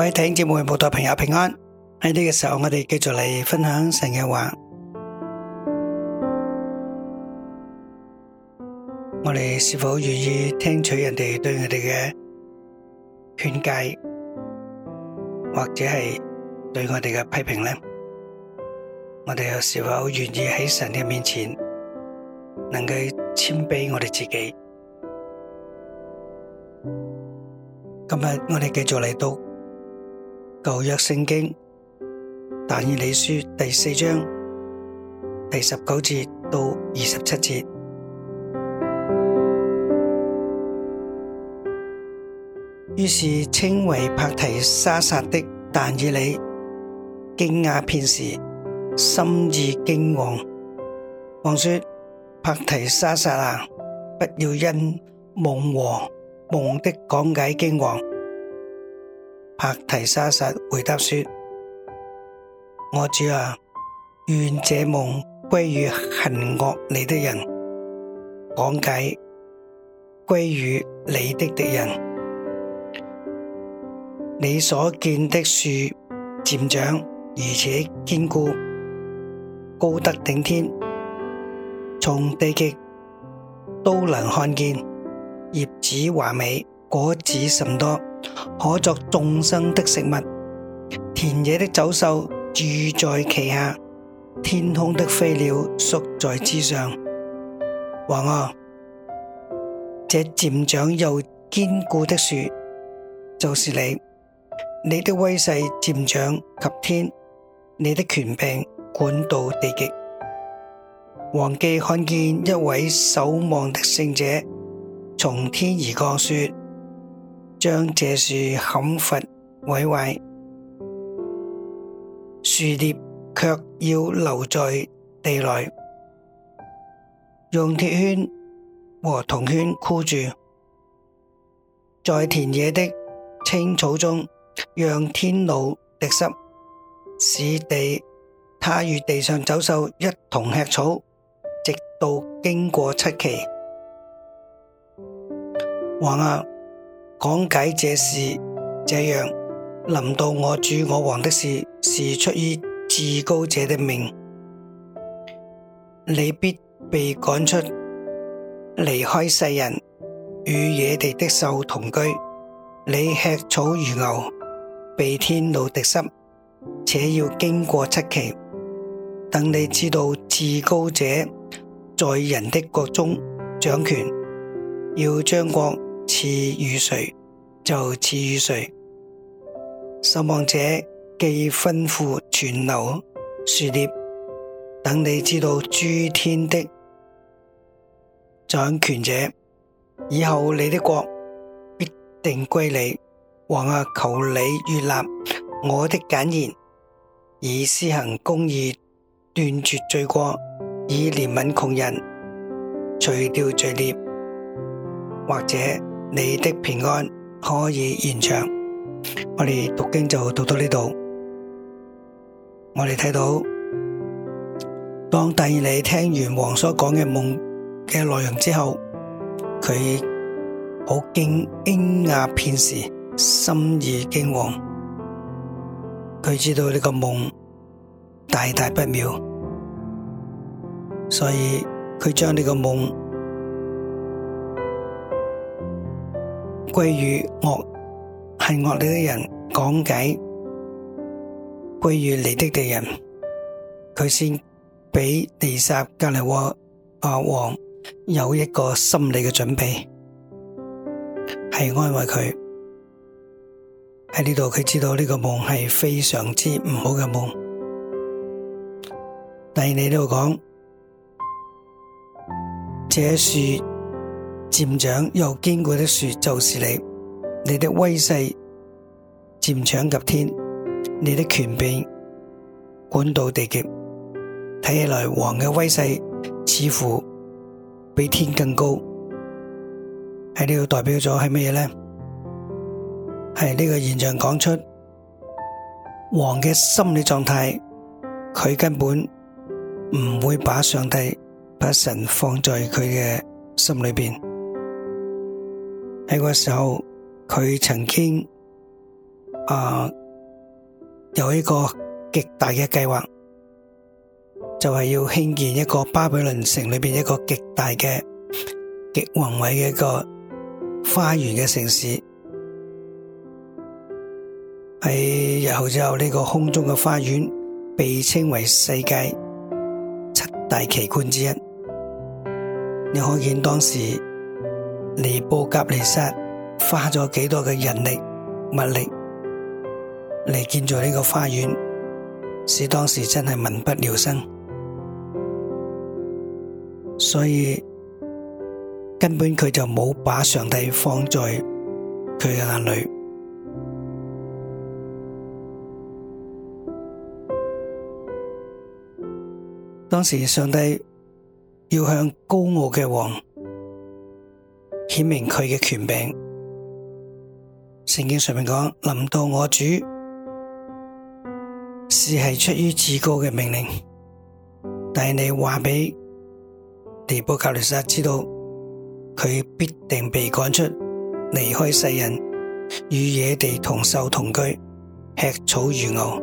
各位聽節目嘅播台朋友平安。喺呢個時候，我哋繼續嚟分享神嘅話。我哋是否願意聽取人哋對我哋嘅勸誡，或者係對我哋嘅批評呢？我哋又是否願意喺神嘅面前，能夠謙卑我哋自己？今日我哋繼續嚟讀。舊約聖經但以理書第四章第十九節到二十七節，於是稱為伯提沙撒的但以理驚訝片時，心意驚惶，王說：伯提沙撒啊，不要因夢和夢的講解驚惶。伯提沙撒回答說：我主啊，願這夢歸於恨惡你的人，講解歸於你的敵人。你所見的樹漸長，而且堅固，高得頂天，從地極都能看見。葉子華美，果子甚多。可作眾生的食物，田野的走獸住在其下，天空的飛鳥宿在枝上。王啊，這漸長又堅固的樹，就是你。你的威勢漸長及天，你的權柄管到地極。王既看見一位守望的聖者從天而降，說，將這樹砍伐毀壞，樹葉卻要留在地內，用鐵圈和銅圈箍住，在田野的青草中，讓天露滴濕，使地，它與地上走獸一同吃草，直到經過七期。王啊。講解這事，這樣，臨到我主我王的事，是出於至高者的命。你必被趕出，離開世人，與野地的獸同居。你吃草如牛，被天露滴濕，且要經過七期。等你知道至高者在人的國中掌權，要將國。賜予誰就賜予誰，守望者既吩咐存留樹墩，等你知道諸天的掌權者，以後你的國必定歸你。王啊，求你悅納我的簡言，以施行公義，斷絕罪過，以憐憫窮人，除掉罪孽，或者。你的平安可以延長。我哋讀經就讀到呢度。我哋睇到當但以理聽完王所講嘅夢嘅內容之後，佢好驚驚訝片時，心意驚惶。佢知道呢個夢大大不妙，所以佢將呢個夢。歸與惡、恨惡你的人講解，歸與你的敵人，佢先俾地煞隔籬王阿黃有一個心理嘅準備，係安慰佢喺呢度。佢知道呢個夢係非常之唔好嘅夢。但係你度講，這係。漸長又堅固的樹就是你，你的威勢漸長及天，你的權柄管到地極，睇起來王嘅威勢似乎比天更高，喺呢度代表咗係乜嘢呢？係呢個現象講出王嘅心理狀態，佢根本唔會把上帝、把神放在佢嘅心裏邊。喺嗰時候，佢曾經啊有一個極大嘅計劃，就係要興建一個巴比倫城裏邊一個極大嘅極宏偉嘅一個花園嘅城市。喺日後之後，呢個空中嘅花園被稱為世界七大奇觀之一。你可見當時。尼布甲尼撒花咗幾多嘅人力物力嚟建造呢個花園，使當時真係民不聊生，所以根本佢就冇把上帝放在佢嘅眼裏。當時上帝要向高傲嘅王，顯明佢嘅權柄。聖經上面講，臨到我主是係出於至高嘅命令，但係你話俾尼布甲尼撒知道，佢必定被趕出，離開世人，與野地同獸同居，吃草如牛。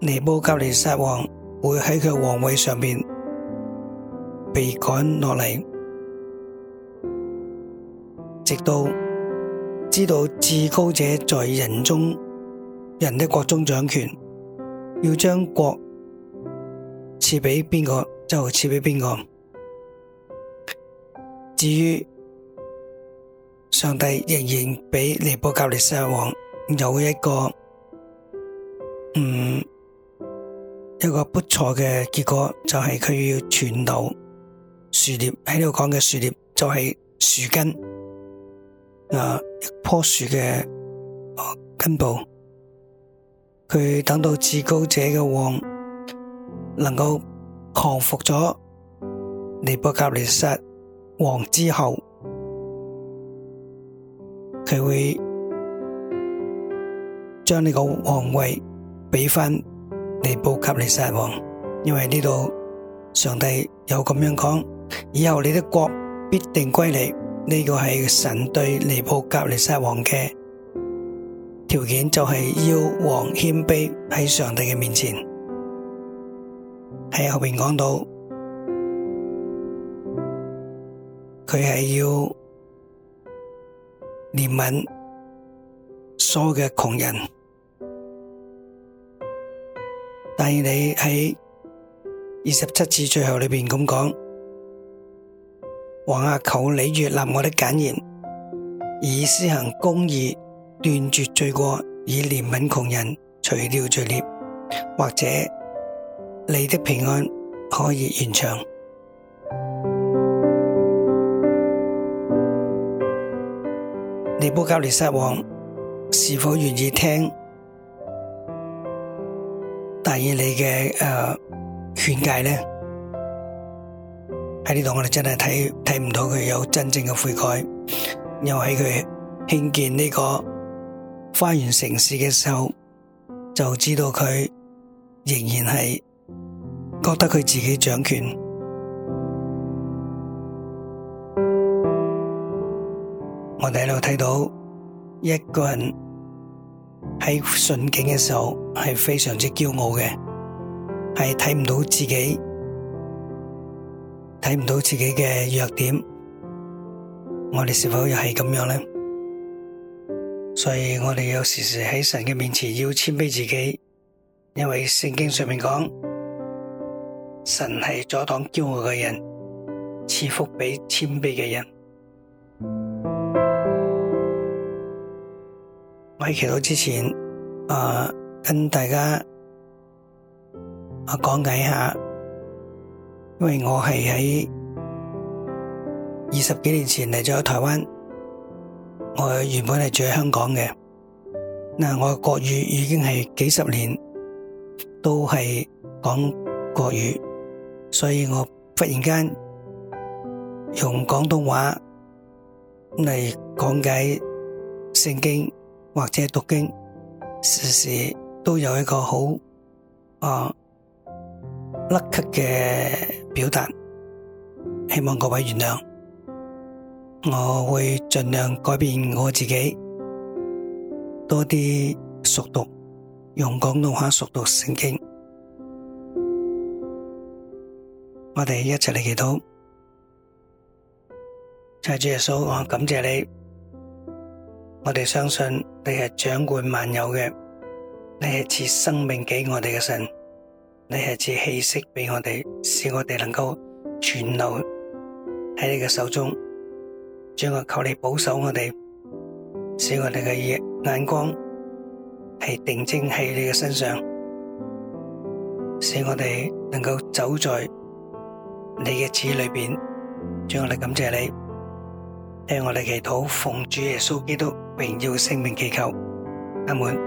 尼布甲尼撒王會喺佢皇位上面。被趕落嚟，直到知道至高者在人中，人的國中掌權，要將國賜俾邊個就賜俾邊個。至於上帝仍然俾尼布甲尼撒王有一個，嗯，一個不錯嘅結果，就係、是、佢要傳道。樹葉喺度講嘅樹葉就係樹根，誒，一棵樹嘅根部。佢等到至高者嘅王能夠降服咗尼布甲尼撒王之後，佢會將呢個王位俾翻尼布甲尼撒王，因為呢度上帝有咁樣講。以後你的國必定歸你，呢、這個係神對尼布甲尼撒王嘅條件，就係要王謙卑喺上帝嘅面前。喺後邊講到，佢係要憐憫所有嘅窮人，但係你喺二十七次最後裏邊咁講。王啊，求你悅納我的簡言，以施行公義，斷絕罪過，以憐憫窮人，除掉罪孽。或者你的平安可以延長。尼布甲尼撒王是否願意聽但以理你嘅誒、呃、勸誡呢？喺呢度我哋真係睇睇唔到佢有真正嘅悔改，又喺佢興建呢個花園城市嘅時候，就知道佢仍然係覺得佢自己掌權。我哋喺度睇到一個人喺順境嘅時候係非常之驕傲嘅，係睇唔到自己。睇唔到自己嘅弱點，我哋是否又係咁樣呢？所以我哋有時時喺神嘅面前要謙卑自己，因為聖經上面講，神係阻擋驕傲嘅人，賜福畀謙卑嘅人。我喺祈禱之前，啊、呃，跟大家啊講解一下。因為我係喺二十幾年前嚟咗台灣，我原本係住喺香港嘅，嗱我國語已經係幾十年都係講國語，所以我忽然間用廣東話嚟講解聖經或者讀經，時時都有一個好啊。立刻嘅表達，希望各位原諒，我會盡量改變我自己，多啲熟讀，用廣東話熟讀聖經。我哋一齊嚟祈禱，就係主耶穌，我感謝你，我哋相信你係掌管萬有嘅，你係賜生命畀我哋嘅神。你係賜氣息俾我哋，使我哋能夠存留喺你嘅手中。主，我求你保守我哋，使我哋嘅眼眼光係定睛喺你嘅身上，使我哋能夠走在你嘅旨裏邊。主，我哋感謝你，聽我哋祈禱，奉主耶穌基督榮耀聖名祈求，阿門。